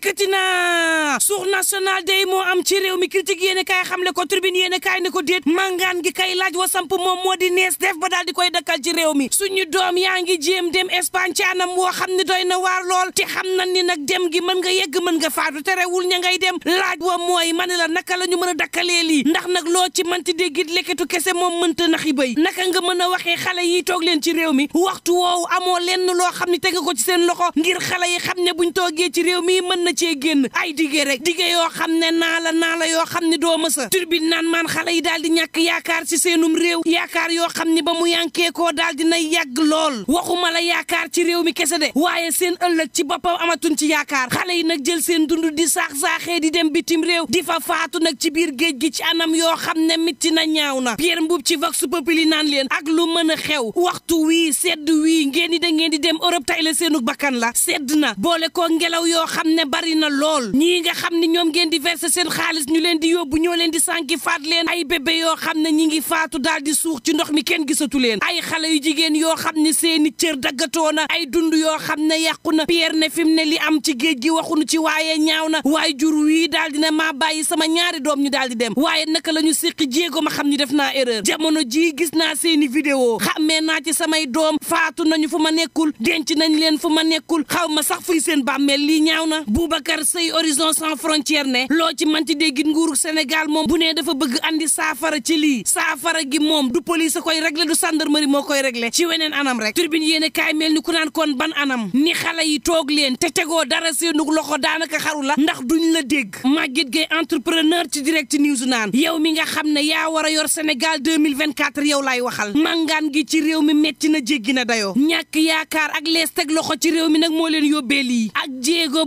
dikkati na suur national day moo am ci réew mi critique yéen xam xamle ko tribune yéen kaay ne ko déet mangaan gi kay laaj wa wasamp moom moo di nees def ba daal di koy dakkal ci réew mi suñu doom yaa ngi jéem dem Espagne ci anam woo xam ne doy na waar lool te xam na ni nag dem gi mën nga yegg mën nga faatu terewul ña ngay dem laaj wa mooy ma na la naka la ñu mën a dakkalee lii ndax nag loo ci man mënti déggit lekketu kese moom mënta naxi bay naka nga mën a waxee xale yi toog leen ci réew mi waxtu woowu amoo lenn loo xam ne teg ko ci seen loxo ngir xale yi xam ne buñ toogee ci réew mi mën na la cee génn ay dige rek dige yoo xam ne naa la naa yoo xam ne doo mësa turbine naan maan xale yi daal di ñàkk yaakaar ci seenum réew yaakaar yoo xam ne ba mu yànkeekoo daal di nay yàgg lool waxuma la yaakaar ci réew mi kese de waaye seen ëllëg ci boppam amatuñ ci yaakaar xale yi nag jël seen dundu di saax-saaxee di dem bitim réew di fa faatu nag ci biir géej gi ci anam yoo xam ne mitti na ñaaw na Pierre Mboup ci Vox Populi naan leen ak lu mën a xew waxtu wi sedd wii ngeen di da ngeen di dem Europe tay la seenu bakkan la sedd na boole ngelaw yoo bari na lool ñi nga xam ni ñoom ngeen di verser seen xaalis ñu leen di yóbbu ñoo leen di sànki faat leen ay bébé yoo xam ne ñi ngi faatu daal di suux ci ndox mi kenn gisatu leen ay xale yu jigéen yoo xam ne seeni cër daggatoo na ay dund yoo xam ne yàqu na Pierre ne fi mu ne li am ci géej gi waxuñu ci waaye ñaaw na waaye jur wii daal na maa bàyyi sama ñaari doom ñu daal di dem waaye naka la ñu séqi jéego ma xam ni def naa erreur jamono ji gis naa seeni vidéo xàmmee naa ci samay doom faatu nañu fu ma nekkul denc nañ leen fu ma nekkul xaw ma sax fuy seen bàmmeel lii ñaaw na Boubacar Seye Horizon Sans Frontières ne loo ci manti déggit nguuru Sénégal moom bu nee dafa bëgg andi saafara ci lii saafara gi moom du police a koy régler du gendarmerie moo koy regle ci weneen anam rek turbine yéene kaay mel ni ku naan kon ban anam ni xale yi toog leen te tegoo dara seenug loxo daanaka xaru la ndax duñ la dégg Maguette Gueye entrepreneur ci direct news naan yow mi nga xam ne yaa war a yor Sénégal 2024 yow laay waxal màngaan gi ci réew mi metti na jéggi na dayoo ñàkk yaakaar ak lees teg loxo ci réew mi nag moo leen yóbbee lii ak jéego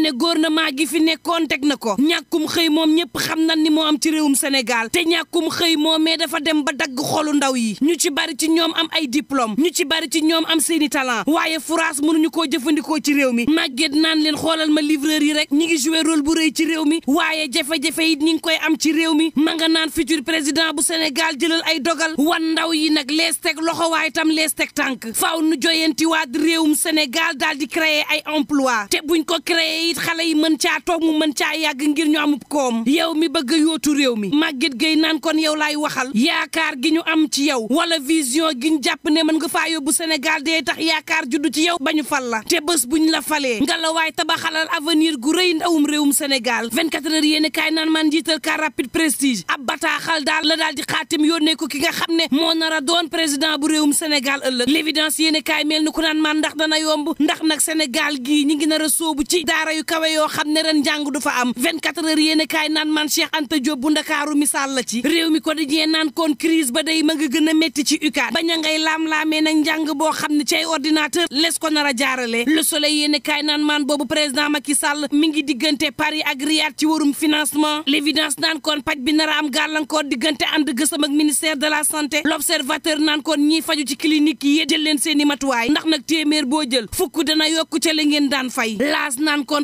xam ne gouvernement gi fi nekkoon teg na ko ñàkkum xëy moom ñëpp xam nan ni moo am ci réewum Sénégal te ñàkkum xëy moomee dafa dem ba dagg xolu ndaw yi ñu ci bari ci ñoom am ay diplom ñu ci bari ci ñoom am seeni talent waaye France mënuñu koo jëfandikoo ci réew mi màgget naan leen xoolal ma livreur yi rek ñi ngi joué rôle bu rëy ci réew mi waaye jafe-jafe ñi ngi koy am ci réew mi ma nga naan futur président bu Sénégal jëlal ay dogal wan ndaw yi nag lees teg loxo waaye tam lees teg tànk faaw nu joyantiwaat réewum Sénégal daal di créer ay emploi te buñ ko créer xale yi mën caa toog mu mën caa yàgg ngir ñu amuk koom yow mi bëgg yootu réew mi màgget gay naan kon yow laay waxal yaakaar gi ñu am ci yow wala vision gi ñu jàpp ne mën nga faa yóbbu senegal dee tax yaakaar juddu ci yow ba ñu fal la te bës bu ñu la falee nga la waay tabaxalal avenir gu rëy ndawum réew Sénégal 24 heures yéen kaay naan man njiital car rapide prestige ab bataaxal daal la daal di xaatim yónnee ko ki nga xam ne moo nar a doon président bu réew Sénégal ëllëg l'évidence yéen a kaay mel ni ku naan man ndax dana yomb ndax nag Sénégal gii ñi ngi nar a sóobu ci daara yu kawe yoo xam ne ren njàng du fa am 24 heures yéen a kaay naan man Cheikh Anta Diop bu ndakaaru misaal la ci réew mi quotidien naan kon crise ba day ma gën a métti ci UCAD bañ a ngay laam-laamee nag njàng boo xam ne ci ay ordinateur les ko nar a jaarale le soleil yéen kaay naan maan boobu président Macky Sall mi ngi diggante Paris ak ci warum financement l'évidence naan kon paj bi nar am gàllankoor diggante ànd gësam ak ministère de la santé l'observateur naan kon ñiy faju ci clinique yi jël leen seen matuwaay ndax nag téeméer boo jël fukk dana yokk ca la ngeen daan fay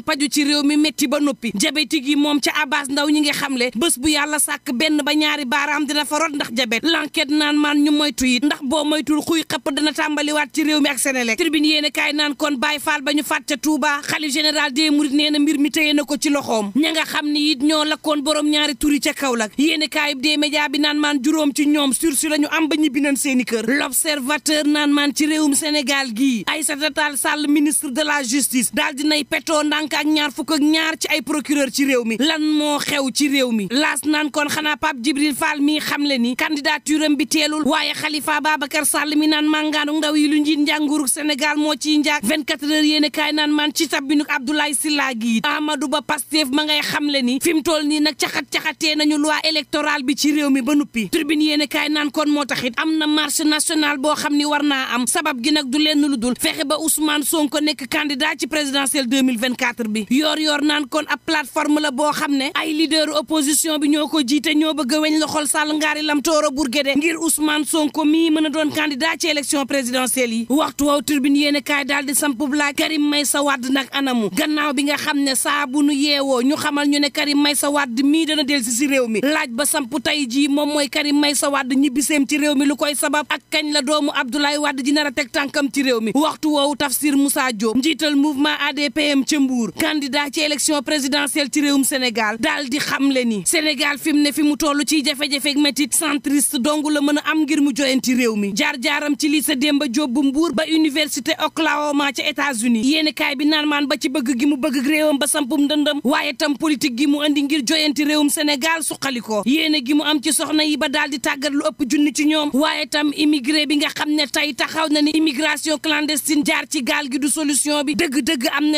paju ci réew mi métti ba noppi diabétique yi moom ca Abass Ndao ñi ngi xamle bés bu yàlla sàkk benn ba ñaari baaraam dina fa ndax diabète l'enquête naan maan ñu moytu it ndax boo moytul xuy xëpp dana tàmbaliwaat ci réew mi ak Senelec tribune yéene kaay naan kon Baye Fall ba ñu fàtt ca Touba xalif général des Mourides nee mbir mi na ko ci loxoom ña nga xam ni it ñoo lakkoon borom ñaari turi ca Kaolack yéene kaay des bi naan maan juróom ci ñoom sursu lañu am ba ñibbi nañ seeni kër l'observateur naan maan ci réewum Sénégal gii Aïssata Tall Sall ministre de la justice daal dinay petoo ndànk fank ak ñaar fukk ak ñaar ci ay procureur ci réew mi lan moo xew ci réew mi laas naan kon xanaa Pape Djibril Fall mii xamle ni candidature bi teelul waaye Khalifa Babacar Sall mi naan màngaanu ndaw yi lu njiit njàngurug Sénégal moo ciy njaag 24 a kaay naan man ci tabbinuk Abdoulaye Sylla gi Amadou Ba Pastef ma ngay xamle ni fi toll nii nag caxat-caxatee nañu loi électorale bi ci réew mi ba nuppi tribune yéen a kaay naan kon moo taxit am na marche bi yoor yoor naan kon ab plateforme la boo xam ne ay leader opposition bi ñoo ko jiite ñoo bëgg a weñ loxol Sall ngaari lam tooro Bourguédé ngir Ousmane Sonko mii mën a doon candidat ci élection présidentielle yi waxtu waaw tribune yéen kaay daal di samp laaj Karim Meïssa Wade nag anamu gannaaw bi nga xam ne saa bu nu yeewoo ñu xamal ñu ne Karim sa wadd mii dana delsi si réew mi laaj ba samp tey jii moom mooy Karim sa wadd ñibbiseem ci réew mi lu koy sabab ak kañ la doomu Abdoulaye Wade ji nar a teg tànkam ci réew mi waxtu woowu Tafsir Moussa Diop njiital mouvement ADPM ca Mbour Ndour candidat ci élection présidentielle ci réewum Sénégal daal di xamle ni Sénégal fi mu ne fi mu toll ci jafe-jafe ak métit centriste dong la mën a am ngir mu joyanti réew mi jaar-jaaram ci lycée Demba Diop bu Mbour ba université Oklahoma ca États-Unis yéeni kaay bi naan maan ba ci bëgg gi mu bëgg réewam ba sampum ndëndëm waaye tam politique gi mu indi ngir joyanti réewum Sénégal suqali ko yéene gi mu am ci soxna yi ba daal di tàggat lu ëpp junni ci ñoom waaye tam immigré bi nga xam ne tey taxaw na ni immigration clandestine jaar ci gaal gi du solution bi dëgg-dëgg am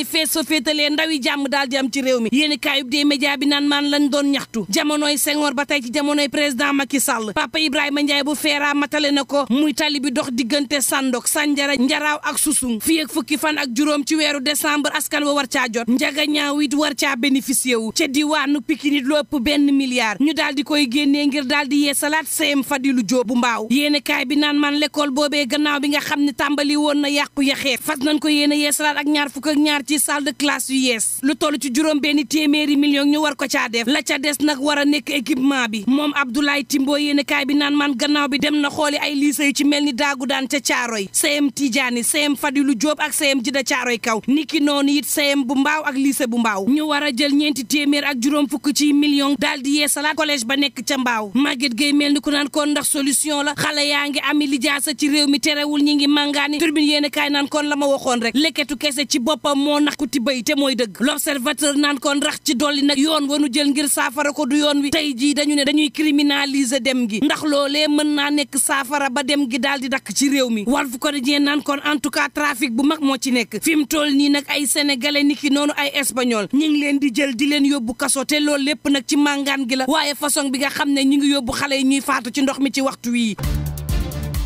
ni fees fa ndaw yi jàmm daal di am ci réew mi yéen i kaayub dee média bi naan maan lañ doon ñaxtu jamonoy Senghor ba tey ci jamonoy président Macky Sall papa Ibrahima Ndiaye bu feeraa matale na ko muy tali bi dox diggante Sandok Sanjara Njaraaw ak Susung fii fukki fan ak juróom ci weeru décembre askan wa war caa jot njaga ñaaw it war caa bénéficié wu ca diwaanu Pikine it lu ëpp benn milliard ñu daal di koy génnee ngir daal di yeesalaat CM Fadilou Diop bu mbaaw yéen kaay bi naan maan l'école boobee gannaaw bi nga xam ne tàmbali woon na yàqu yaxeet fas nañ ko yéen a yeesalaat ak ñaar fukk ak ñaar ci salle de classe yu yees lu toll ci juróom benn téeméeri million ñu war ko caa def la ca des nag war a nekk équipement bi moom Abdoulaye Timbo yéen kaay bi naan man gannaaw bi dem na xooli ay lycée yu ci mel ni daagu daan ca Caaroy CM Tidiane CM Fadilu jóob ak CM Jida Caaroy kaw niki noonu it CM bu mbaaw ak lycée bu mbaaw ñu war a jël ñeenti téeméer ak juróom fukk ci million daal di yeesalaat collège ba nekk ca mbaaw Maguette Gueye mel ni ku naan kon ndax solution la xale yaa ngi ami lijaasa ci réew mi terewul ñi ngi màngaani turbine yéen kaay naan kon la ma waxoon rek leketu kese ci boppam moo nax ku tibay te mooy dëgg l'observateur naan kon rax ci dolli nag yoon wanu jël ngir saafara ko du yoon wi tey jii dañu ne dañuy criminaliser dem gi ndax loole mën naa nekk saafara ba dem gi daal di dakk ci réew mi war Walf ko naan kon en tout cas trafic bu mag moo ci nekk fi mu toll nii nag ay sénégalais ni ki noonu ay espagnol ñu ngi leen di jël di leen yóbbu kaso te loolu lépp nag ci màngaan gi la waaye façon bi nga xam ne ñu ngi yóbbu xale yi ñuy faatu ci ndox mi ci waxtu wii